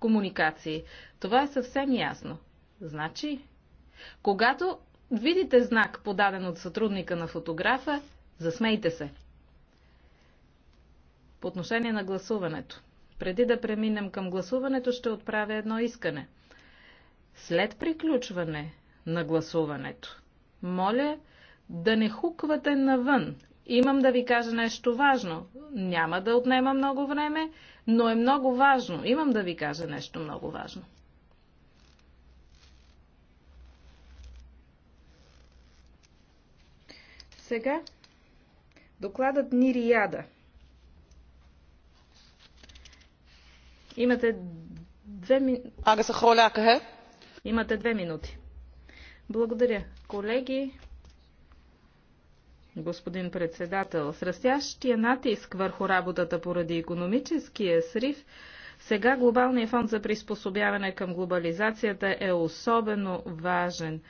комуникации. Това е съвсем ясно. Значи, когато видите знак, подаден от сътрудника на фотографа, засмейте се. По отношение на гласуването. Преди да преминем към гласуването, ще отправя едно искане. След приключване на гласуването, моля да не хуквате навън, Имам да ви кажа нещо важно. Няма да отнема много време, но е много важно. Имам да ви кажа нещо много важно. Сега докладът Нирияда. Имате две минути. Имате две минути. Благодаря. Колеги, господин председател. С растящия натиск върху работата поради економическия срив, сега Глобалният фонд за приспособяване към глобализацията е особено важен.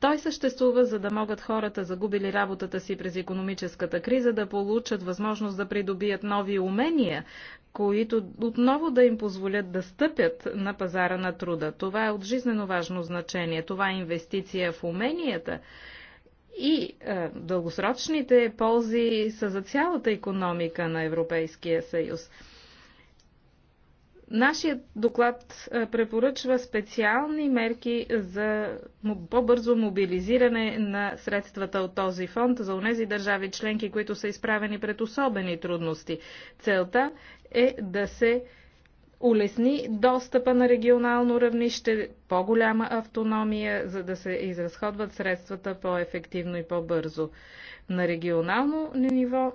Той съществува, за да могат хората, загубили работата си през економическата криза, да получат възможност да придобият нови умения, които отново да им позволят да стъпят на пазара на труда. Това е от жизнено важно значение. Това е инвестиция в уменията и е, дългосрочните ползи са за цялата економика на Европейския съюз. Нашият доклад е, препоръчва специални мерки за по-бързо мобилизиране на средствата от този фонд за онези държави членки, които са изправени пред особени трудности. Целта е да се улесни достъпа на регионално равнище, по-голяма автономия, за да се изразходват средствата по-ефективно и по-бързо. На регионално ниво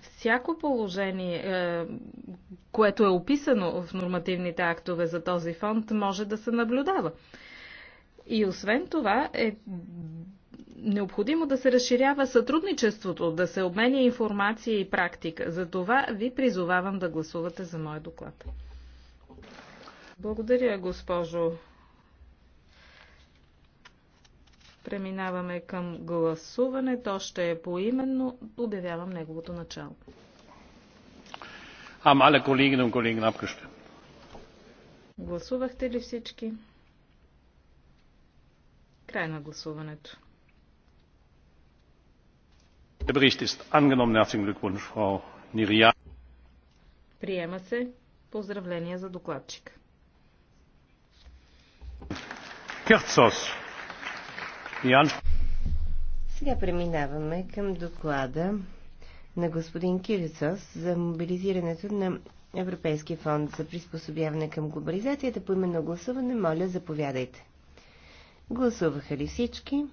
всяко положение, е, което е описано в нормативните актове за този фонд, може да се наблюдава. И освен това е необходимо да се разширява сътрудничеството, да се обменя информация и практика. За това ви призовавам да гласувате за мой доклад. Благодаря, госпожо. Преминаваме към гласуване. То ще е поименно. Обявявам неговото начало. Haben alle Kolleginnen und Kollegen abgestimmt? Гласувахте ли всички? Край на гласуването. Приема се. Поздравления за докладчика. Сега преминаваме към доклада на господин Кирицос за мобилизирането на Европейския фонд за приспособяване към глобализацията по именно гласуване. Моля, заповядайте. Гласуваха ли всички?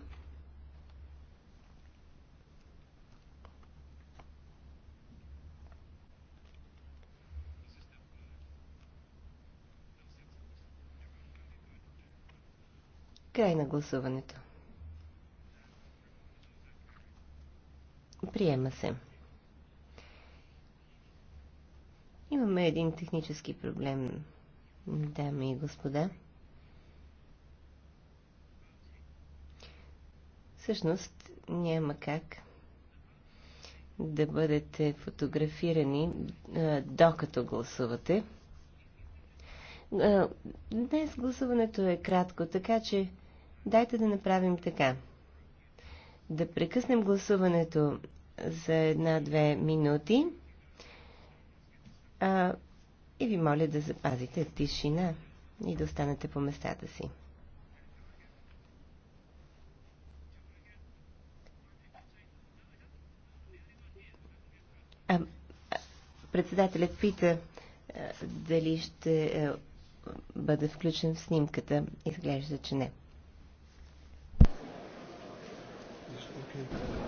Край на гласуването. Приема се. Имаме един технически проблем, дами и господа. Всъщност няма как да бъдете фотографирани а, докато гласувате. А, днес гласуването е кратко, така че Дайте да направим така. Да прекъснем гласуването за една-две минути а, и ви моля да запазите тишина и да останете по местата си. А, председателят пита а, дали ще а, е, бъде включен в снимката. Изглежда, че не. Okay.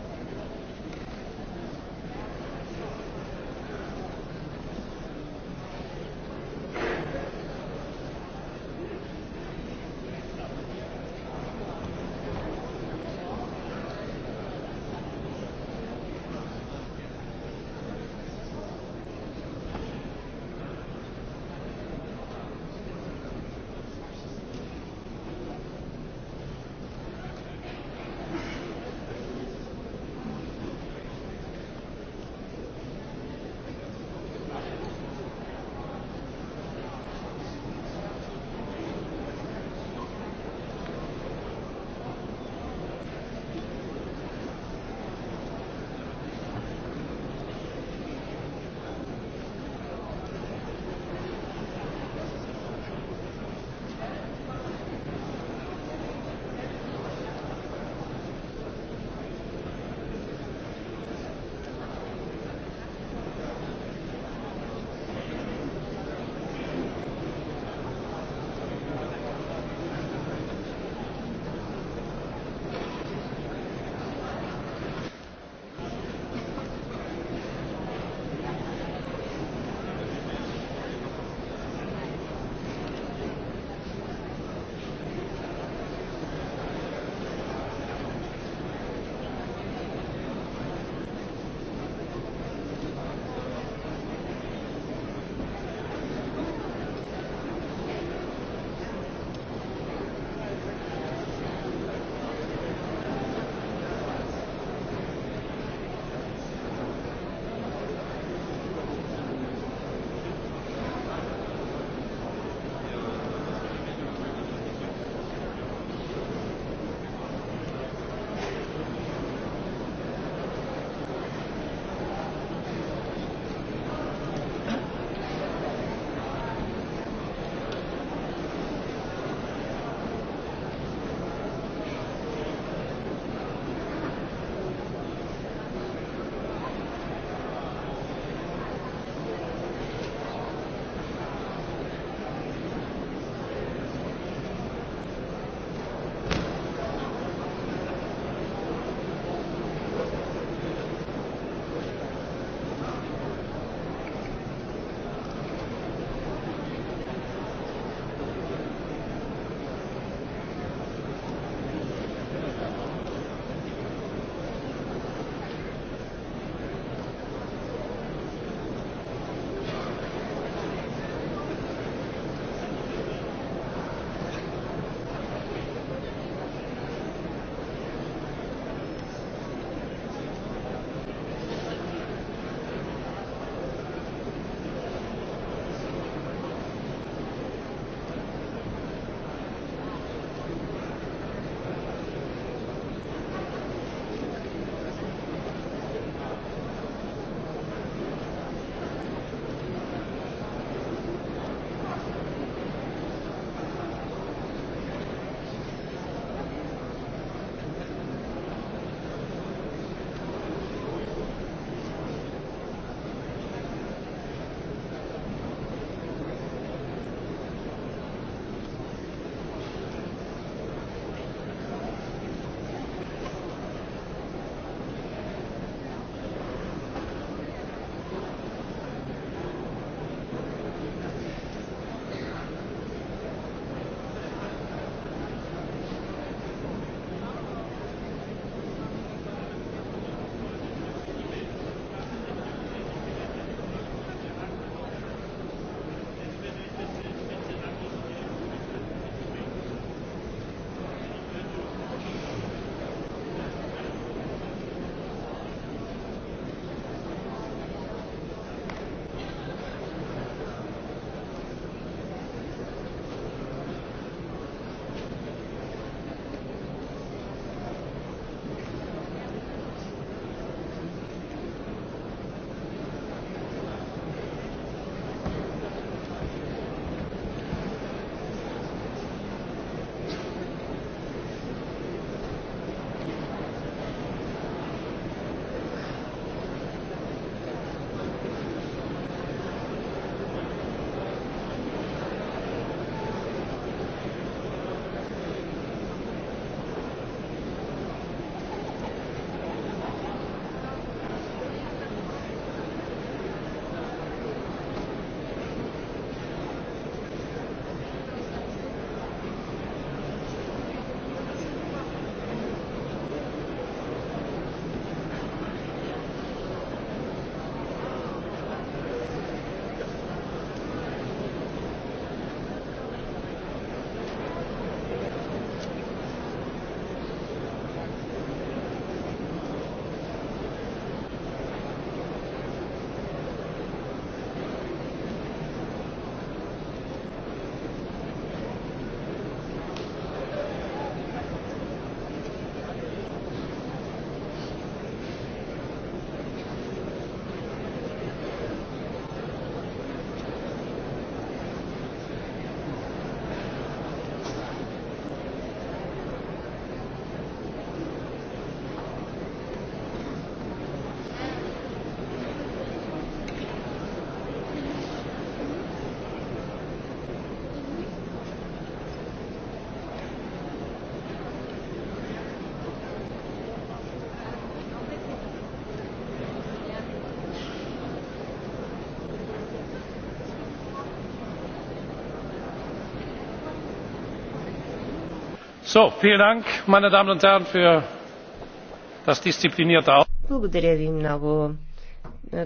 Благодаря ви много,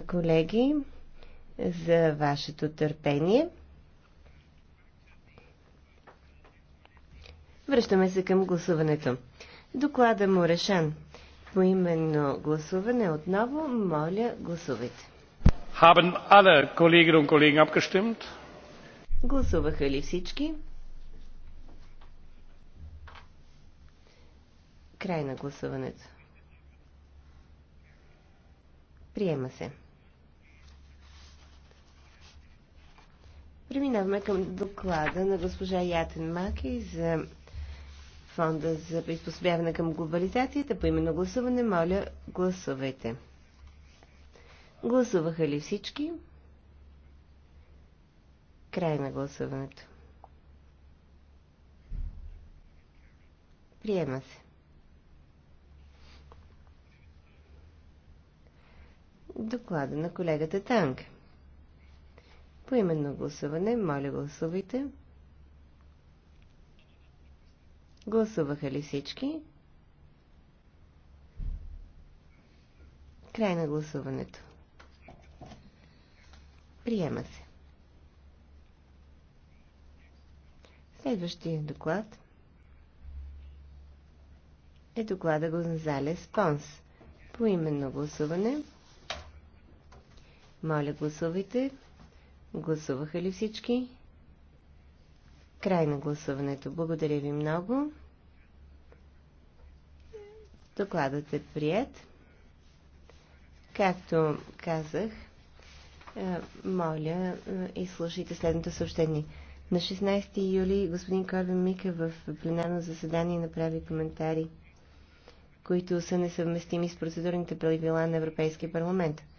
колеги, за вашето търпение. Връщаме се към гласуването. Доклада му решен. По именно гласуване отново, моля, гласувайте. Haben alle Kolleginnen und Kollegen abgestimmt? Гласуваха ли всички? Край на гласуването. Приема се. Преминаваме към доклада на госпожа Ятен Маки за Фонда за приспособяване към глобализацията. По именно гласуване, моля, гласувайте. Гласуваха ли всички? Край на гласуването. Приема се. доклада на колегата Танг. По именно гласуване, моля гласувайте. Гласуваха ли всички? Край на гласуването. Приема се. Следващия доклад е доклада Гонзалес Понс. По именно гласуване. Моля, гласувайте. Гласуваха ли всички? Край на гласуването. Благодаря ви много. Докладът е прият. Както казах, е, моля, е, изслушайте следното съобщение. На 16 юли господин Корбен Мика в пленарно заседание направи коментари, които са несъвместими с процедурните правила на Европейския парламент.